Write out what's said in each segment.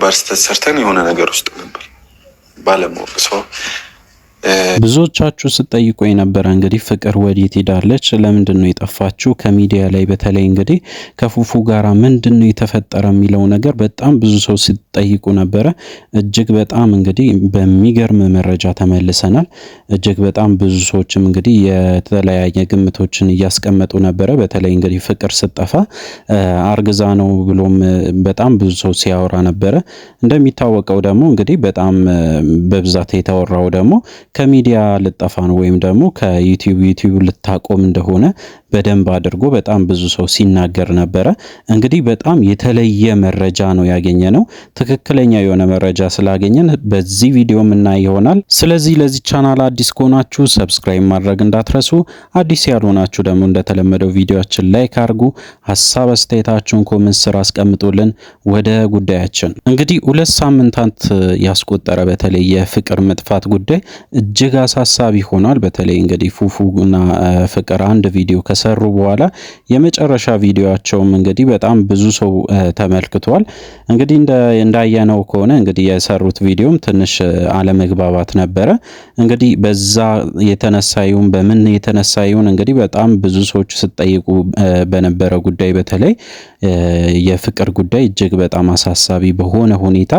ከባድ ስህተት ሰርተን የሆነ ነገር ውስጥ ነበር ባለማወቅ ሰው ብዙዎቻችሁ ስጠይቁ የነበረ እንግዲህ ፍቅር ወዴት ሄዳለች? ለምንድን ነው የጠፋችው? ከሚዲያ ላይ በተለይ እንግዲህ ከፉፉ ጋራ ምንድን ነው የተፈጠረ የሚለው ነገር በጣም ብዙ ሰው ሲጠይቁ ነበረ። እጅግ በጣም እንግዲህ በሚገርም መረጃ ተመልሰናል። እጅግ በጣም ብዙ ሰዎችም እንግዲህ የተለያየ ግምቶችን እያስቀመጡ ነበረ። በተለይ እንግዲህ ፍቅር ስጠፋ አርግዛ ነው ብሎም በጣም ብዙ ሰው ሲያወራ ነበረ። እንደሚታወቀው ደግሞ እንግዲህ በጣም በብዛት የተወራው ደግሞ ከሚዲያ ልጠፋ ነው ወይም ደግሞ ከዩቲዩብ ዩቲዩብ ልታቆም እንደሆነ በደንብ አድርጎ በጣም ብዙ ሰው ሲናገር ነበረ። እንግዲህ በጣም የተለየ መረጃ ነው ያገኘ ነው። ትክክለኛ የሆነ መረጃ ስላገኘን በዚህ ቪዲዮ የምናይ ይሆናል። ስለዚህ ለዚህ ቻናል አዲስ ከሆናችሁ ሰብስክራይብ ማድረግ እንዳትረሱ፣ አዲስ ያልሆናችሁ ደግሞ እንደተለመደው ቪዲዮችን ላይክ አድርጉ፣ ሀሳብ አስተያየታችሁን ኮሜንት ስር አስቀምጡልን። ወደ ጉዳያችን እንግዲህ ሁለት ሳምንታት ያስቆጠረ በተለይ የፍቅር መጥፋት ጉዳይ እጅግ አሳሳቢ ሆኗል። በተለይ እንግዲህ ፉፉ እና ፍቅር አንድ ቪዲዮ ከሰሩ በኋላ የመጨረሻ ቪዲዮቸውም እንግዲህ በጣም ብዙ ሰው ተመልክቷል። እንግዲህ እንዳየነው ከሆነ እንግዲህ የሰሩት ቪዲዮም ትንሽ አለመግባባት ነበረ። እንግዲህ በዛ የተነሳዩን በምን የተነሳዩን እንግዲህ በጣም ብዙ ሰዎች ስጠይቁ በነበረ ጉዳይ በተለይ የፍቅር ጉዳይ እጅግ በጣም አሳሳቢ በሆነ ሁኔታ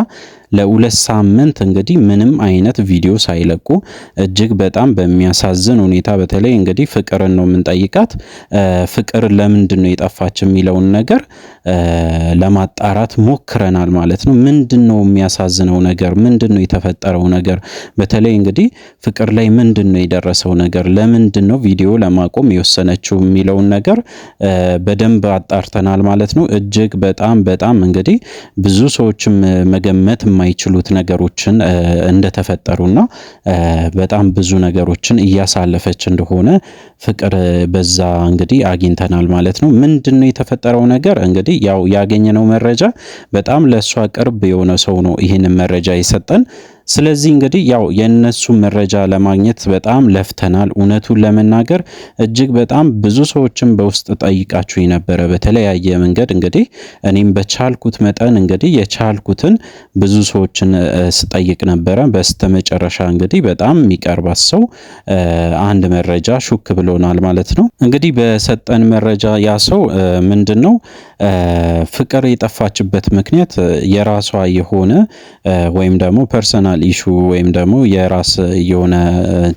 ለሁለት ሳምንት እንግዲህ ምንም አይነት ቪዲዮ ሳይለቁ እጅግ በጣም በሚያሳዝን ሁኔታ በተለይ እንግዲህ ፍቅርን ነው የምንጠይቃት። ፍቅር ለምንድን ነው የጠፋች የሚለውን ነገር ለማጣራት ሞክረናል ማለት ነው። ምንድን ነው የሚያሳዝነው ነገር? ምንድን ነው የተፈጠረው ነገር? በተለይ እንግዲህ ፍቅር ላይ ምንድን ነው የደረሰው ነገር? ለምንድን ነው ቪዲዮ ለማቆም የወሰነችው የሚለውን ነገር በደንብ አጣርተናል ማለት ነው። እጅግ በጣም በጣም እንግዲህ ብዙ ሰዎችም መገመት የማይችሉት ነገሮችን እንደተፈጠሩና በጣም ብዙ ነገሮችን እያሳለፈች እንደሆነ ፍቅር በዛ እንግዲህ አግኝተናል ማለት ነው። ምንድን ነው የተፈጠረው ነገር እንግዲህ ያው ያገኘነው መረጃ በጣም ለእሷ ቅርብ የሆነ ሰው ነው ይህንን መረጃ የሰጠን። ስለዚህ እንግዲህ ያው የእነሱ መረጃ ለማግኘት በጣም ለፍተናል። እውነቱን ለመናገር እጅግ በጣም ብዙ ሰዎችን በውስጥ ጠይቃችሁ ነበረ በተለያየ መንገድ እንግዲህ እኔም በቻልኩት መጠን እንግዲህ የቻልኩትን ብዙ ሰዎችን ስጠይቅ ነበረ። በስተመጨረሻ እንግዲህ በጣም የሚቀርባት ሰው አንድ መረጃ ሹክ ብሎናል ማለት ነው። እንግዲህ በሰጠን መረጃ ያ ሰው ምንድን ነው ፍቅር የጠፋችበት ምክንያት የራሷ የሆነ ወይም ደግሞ ፐርሰናል ፖለቲካል ኢሹ ወይም ደግሞ የራስ የሆነ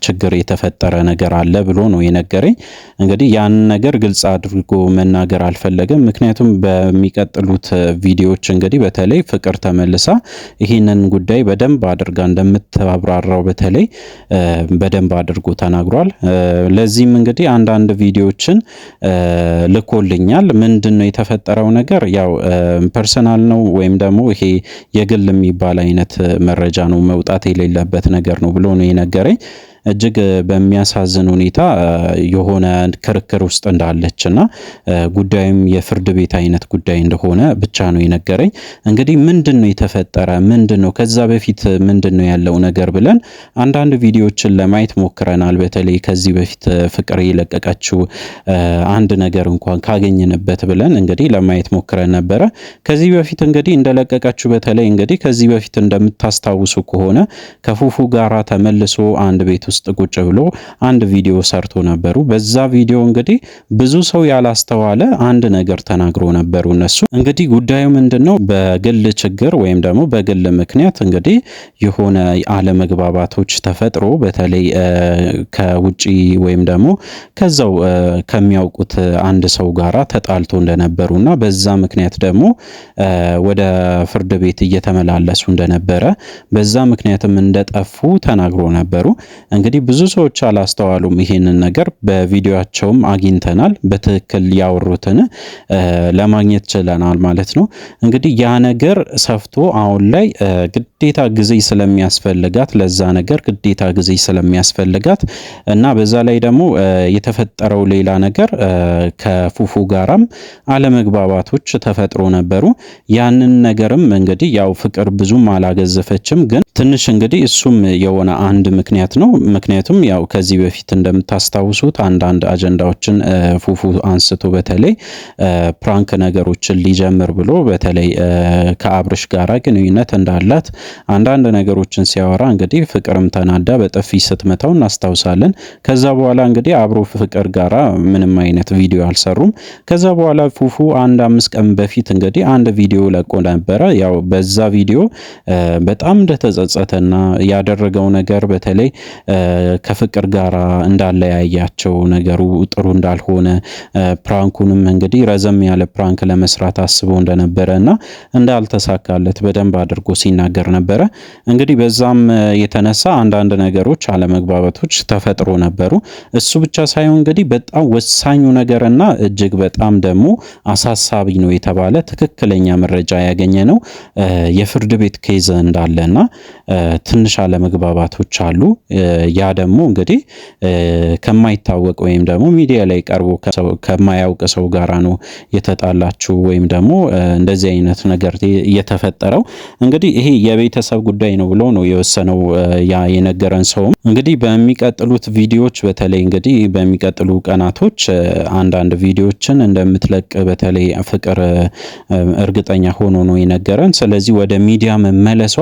ችግር የተፈጠረ ነገር አለ ብሎ ነው የነገረኝ። እንግዲህ ያን ነገር ግልጽ አድርጎ መናገር አልፈለገም። ምክንያቱም በሚቀጥሉት ቪዲዮዎች እንግዲህ በተለይ ፍቅር ተመልሳ ይህንን ጉዳይ በደንብ አድርጋ እንደምትባብራራው በተለይ በደንብ አድርጎ ተናግሯል። ለዚህም እንግዲህ አንዳንድ ቪዲዮዎችን ልኮልኛል። ምንድን ነው የተፈጠረው ነገር ያው ፐርሰናል ነው ወይም ደግሞ ይሄ የግል የሚባል አይነት መረጃ ነው መውጣት የሌለበት ነገር ነው ብሎ ነው የነገረኝ። እጅግ በሚያሳዝን ሁኔታ የሆነ ክርክር ውስጥ እንዳለች እና ጉዳዩም የፍርድ ቤት አይነት ጉዳይ እንደሆነ ብቻ ነው የነገረኝ። እንግዲህ ምንድን ነው የተፈጠረ፣ ምንድን ነው ከዛ በፊት ምንድን ነው ያለው ነገር ብለን አንዳንድ ቪዲዮዎችን ለማየት ሞክረናል። በተለይ ከዚህ በፊት ፍቅር የለቀቀችው አንድ ነገር እንኳን ካገኘንበት ብለን እንግዲህ ለማየት ሞክረን ነበረ። ከዚህ በፊት እንግዲህ እንደለቀቀችው በተለይ እንግዲህ ከዚህ በፊት እንደምታስታውሱ ከሆነ ከፉፉ ጋራ ተመልሶ አንድ ቤት ውስጥ ቁጭ ብሎ አንድ ቪዲዮ ሰርቶ ነበሩ። በዛ ቪዲዮ እንግዲህ ብዙ ሰው ያላስተዋለ አንድ ነገር ተናግሮ ነበሩ። እነሱ እንግዲህ ጉዳዩ ምንድን ነው? በግል ችግር ወይም ደግሞ በግል ምክንያት እንግዲህ የሆነ አለመግባባቶች ተፈጥሮ በተለይ ከውጪ ወይም ደግሞ ከዛው ከሚያውቁት አንድ ሰው ጋራ ተጣልቶ እንደነበሩ እና በዛ ምክንያት ደግሞ ወደ ፍርድ ቤት እየተመላለሱ እንደነበረ በዛ ምክንያትም እንደጠፉ ተናግሮ ነበሩ። እንግዲህ ብዙ ሰዎች አላስተዋሉም ይሄንን ነገር። በቪዲዮቸውም አግኝተናል፣ በትክክል ያወሩትን ለማግኘት ችለናል ማለት ነው። እንግዲህ ያ ነገር ሰፍቶ አሁን ላይ ግዴታ ጊዜ ስለሚያስፈልጋት ለዛ ነገር ግዴታ ጊዜ ስለሚያስፈልጋት እና በዛ ላይ ደግሞ የተፈጠረው ሌላ ነገር ከፉፉ ጋራም አለመግባባቶች ተፈጥሮ ነበሩ። ያንን ነገርም እንግዲህ ያው ፍቅር ብዙም አላገዘፈችም ግን ትንሽ እንግዲህ እሱም የሆነ አንድ ምክንያት ነው። ምክንያቱም ያው ከዚህ በፊት እንደምታስታውሱት አንዳንድ አጀንዳዎችን ፉፉ አንስቶ በተለይ ፕራንክ ነገሮችን ሊጀምር ብሎ በተለይ ከአብርሽ ጋራ ግንኙነት እንዳላት አንዳንድ ነገሮችን ሲያወራ እንግዲህ ፍቅርም ተናዳ በጥፊ ስትመታው እናስታውሳለን። ከዛ በኋላ እንግዲህ አብሮ ፍቅር ጋራ ምንም አይነት ቪዲዮ አልሰሩም። ከዛ በኋላ ፉፉ አንድ አምስት ቀን በፊት እንግዲህ አንድ ቪዲዮ ለቆ ነበረ። ያው በዛ ቪዲዮ በጣም እንደተጸ እንደተጸጸተና ያደረገው ነገር በተለይ ከፍቅር ጋር እንዳለያያቸው ነገሩ ጥሩ እንዳልሆነ ፕራንኩንም እንግዲህ ረዘም ያለ ፕራንክ ለመስራት አስቦ እንደነበረ እና እንዳልተሳካለት በደንብ አድርጎ ሲናገር ነበረ። እንግዲህ በዛም የተነሳ አንዳንድ ነገሮች፣ አለመግባባቶች ተፈጥሮ ነበሩ። እሱ ብቻ ሳይሆን እንግዲህ በጣም ወሳኙ ነገርና እጅግ በጣም ደግሞ አሳሳቢ ነው የተባለ ትክክለኛ መረጃ ያገኘ ነው የፍርድ ቤት ኬዝ እንዳለና ትንሽ አለመግባባቶች አሉ። ያ ደግሞ እንግዲህ ከማይታወቅ ወይም ደግሞ ሚዲያ ላይ ቀርቦ ከማያውቅ ሰው ጋራ ነው የተጣላችው ወይም ደግሞ እንደዚህ አይነት ነገር የተፈጠረው እንግዲህ ይሄ የቤተሰብ ጉዳይ ነው ብሎ ነው የወሰነው ያ የነገረን ሰውም እንግዲህ በሚቀጥሉት ቪዲዮዎች በተለይ እንግዲህ በሚቀጥሉ ቀናቶች አንዳንድ ቪዲዮዎችን እንደምትለቅ በተለይ ፍቅር እርግጠኛ ሆኖ ነው የነገረን። ስለዚህ ወደ ሚዲያ መመለሷ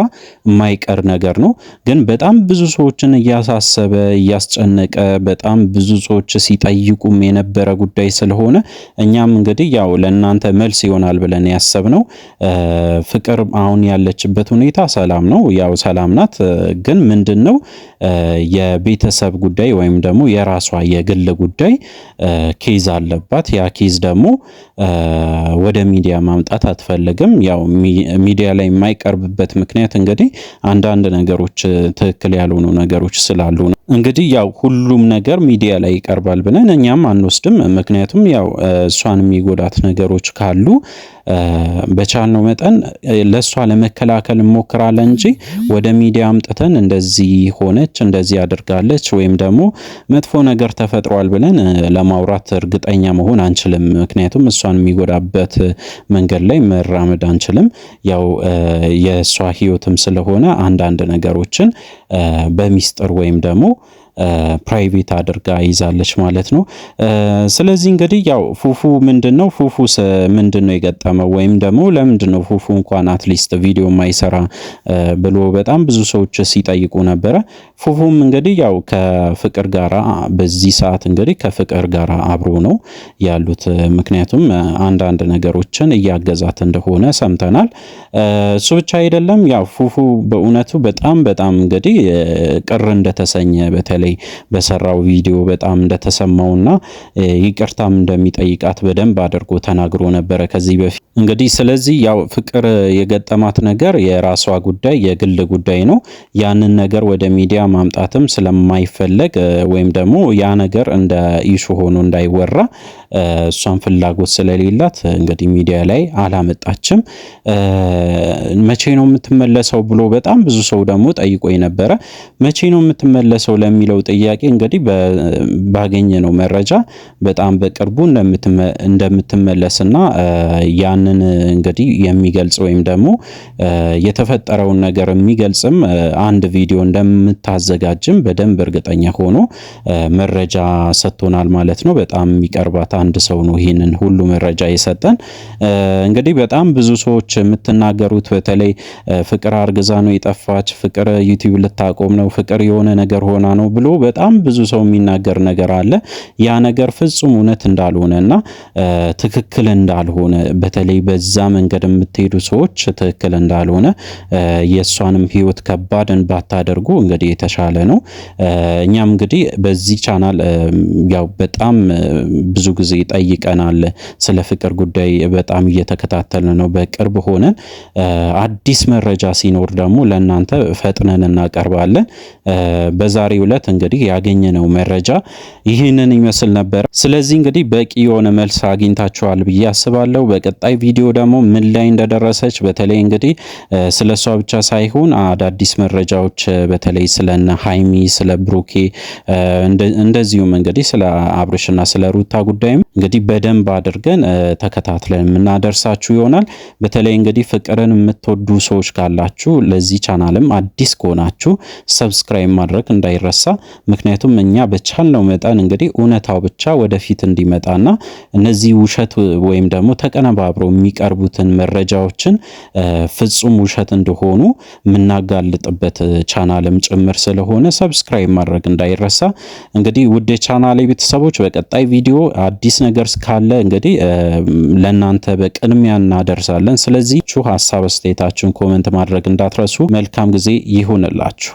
ማይ የማይቀር ነገር ነው። ግን በጣም ብዙ ሰዎችን እያሳሰበ እያስጨነቀ በጣም ብዙ ሰዎች ሲጠይቁም የነበረ ጉዳይ ስለሆነ እኛም እንግዲህ ያው ለእናንተ መልስ ይሆናል ብለን ያሰብነው ፍቅር አሁን ያለችበት ሁኔታ ሰላም ነው፣ ያው ሰላም ናት። ግን ምንድን ነው የቤተሰብ ጉዳይ ወይም ደግሞ የራሷ የግል ጉዳይ ኬዝ አለባት። ያ ኬዝ ደግሞ ወደ ሚዲያ ማምጣት አትፈልግም። ያው ሚዲያ ላይ የማይቀርብበት ምክንያት እንግዲህ አንዳንድ ነገሮች ትክክል ያልሆኑ ነገሮች ስላሉ ነው። እንግዲህ ያው ሁሉም ነገር ሚዲያ ላይ ይቀርባል ብለን እኛም አንወስድም። ምክንያቱም ያው እሷን የሚጎዳት ነገሮች ካሉ በቻልነው መጠን ለእሷ ለመከላከል እንሞክራለን እንጂ ወደ ሚዲያ አምጥተን እንደዚህ ሆነች፣ እንደዚህ አድርጋለች ወይም ደግሞ መጥፎ ነገር ተፈጥሯል ብለን ለማውራት እርግጠኛ መሆን አንችልም። ምክንያቱም እሷን የሚጎዳበት መንገድ ላይ መራመድ አንችልም። ያው የእሷ ህይወትም ስለሆነ አንዳንድ ነገሮችን በሚስጥር ወይም ደግሞ ፕራይቬት አድርጋ ይዛለች ማለት ነው። ስለዚህ እንግዲህ ያው ፉፉ ምንድን ነው ፉፉ ምንድን ነው የገጠመው ወይም ደግሞ ለምንድን ነው ፉፉ እንኳን አትሊስት ቪዲዮ ማይሰራ ብሎ በጣም ብዙ ሰዎች ሲጠይቁ ነበረ። ፉፉም እንግዲህ ያው ከፍቅር ጋራ በዚህ ሰዓት እንግዲህ ከፍቅር ጋራ አብሮ ነው ያሉት። ምክንያቱም አንዳንድ ነገሮችን እያገዛት እንደሆነ ሰምተናል። እሱ ብቻ አይደለም ያው ፉፉ በእውነቱ በጣም በጣም እንግዲህ ቅር እንደተሰኘ በተለ በተለይ በሰራው ቪዲዮ በጣም እንደተሰማውና ይቅርታም እንደሚጠይቃት በደንብ አድርጎ ተናግሮ ነበረ ከዚህ በፊት እንግዲህ። ስለዚህ ያው ፍቅር የገጠማት ነገር የራሷ ጉዳይ የግል ጉዳይ ነው። ያንን ነገር ወደ ሚዲያ ማምጣትም ስለማይፈለግ ወይም ደግሞ ያ ነገር እንደ ኢሹ ሆኖ እንዳይወራ እሷን ፍላጎት ስለሌላት እንግዲህ ሚዲያ ላይ አላመጣችም። መቼ ነው የምትመለሰው ብሎ በጣም ብዙ ሰው ደግሞ ጠይቆ ነበረ። መቼ ነው የምትመለሰው ለሚለው ለሚለው ጥያቄ እንግዲህ ባገኘነው መረጃ በጣም በቅርቡ እንደምትመለስና ያንን እንግዲህ የሚገልጽ ወይም ደግሞ የተፈጠረውን ነገር የሚገልጽም አንድ ቪዲዮ እንደምታዘጋጅም በደንብ እርግጠኛ ሆኖ መረጃ ሰጥቶናል ማለት ነው። በጣም የሚቀርባት አንድ ሰው ነው ይህንን ሁሉ መረጃ የሰጠን። እንግዲህ በጣም ብዙ ሰዎች የምትናገሩት በተለይ ፍቅር አርግዛ ነው የጠፋች፣ ፍቅር ዩቲዩብ ልታቆም ነው፣ ፍቅር የሆነ ነገር ሆና ነው ብሎ በጣም ብዙ ሰው የሚናገር ነገር አለ። ያ ነገር ፍጹም እውነት እንዳልሆነ ትክክል እንዳልሆነ በተለይ በዛ መንገድ የምትሄዱ ሰዎች ትክክል እንዳልሆነ የእሷንም ህይወት ከባድ ባታደርጉ እንግዲህ የተሻለ ነው። እኛም እንግዲህ በዚህ ቻናል ያው በጣም ብዙ ጊዜ ጠይቀናል። ስለ ፍቅር ጉዳይ በጣም እየተከታተልን ነው። በቅርብ ሆነን አዲስ መረጃ ሲኖር ደግሞ ለእናንተ ፈጥነን እናቀርባለን። በዛሬው ዕለት እንግዲህ ያገኘነው መረጃ ይህንን ይመስል ነበር። ስለዚህ እንግዲህ በቂ የሆነ መልስ አግኝታችኋል ብዬ አስባለሁ። በቀጣይ ቪዲዮ ደግሞ ምን ላይ እንደደረሰች በተለይ እንግዲህ ስለ እሷ ብቻ ሳይሆን አዳዲስ መረጃዎች በተለይ ስለነ ሀይሚ፣ ስለ ብሩኬ እንደዚሁም እንግዲህ ስለ አብርሽና ስለ ሩታ ጉዳይም እንግዲህ በደንብ አድርገን ተከታትለን የምናደርሳችሁ ይሆናል። በተለይ እንግዲህ ፍቅርን የምትወዱ ሰዎች ካላችሁ ለዚህ ቻናልም አዲስ ከሆናችሁ ሰብስክራይብ ማድረግ እንዳይረሳ። ምክንያቱም እኛ በቻልነው መጠን እንግዲህ እውነታው ብቻ ወደፊት እንዲመጣና እነዚህ ውሸት ወይም ደግሞ ተቀነባብረው የሚቀርቡትን መረጃዎችን ፍጹም ውሸት እንደሆኑ የምናጋልጥበት ቻናልም ጭምር ስለሆነ ሰብስክራይብ ማድረግ እንዳይረሳ። እንግዲህ ውድ የቻናሌ ቤተሰቦች በቀጣይ ቪዲዮ አዲስ ነገር ካለ እንግዲህ ለእናንተ በቅድሚያ እናደርሳለን። ስለዚህ ሀሳብ አስተያየታችሁን ኮመንት ማድረግ እንዳትረሱ። መልካም ጊዜ ይሁንላችሁ።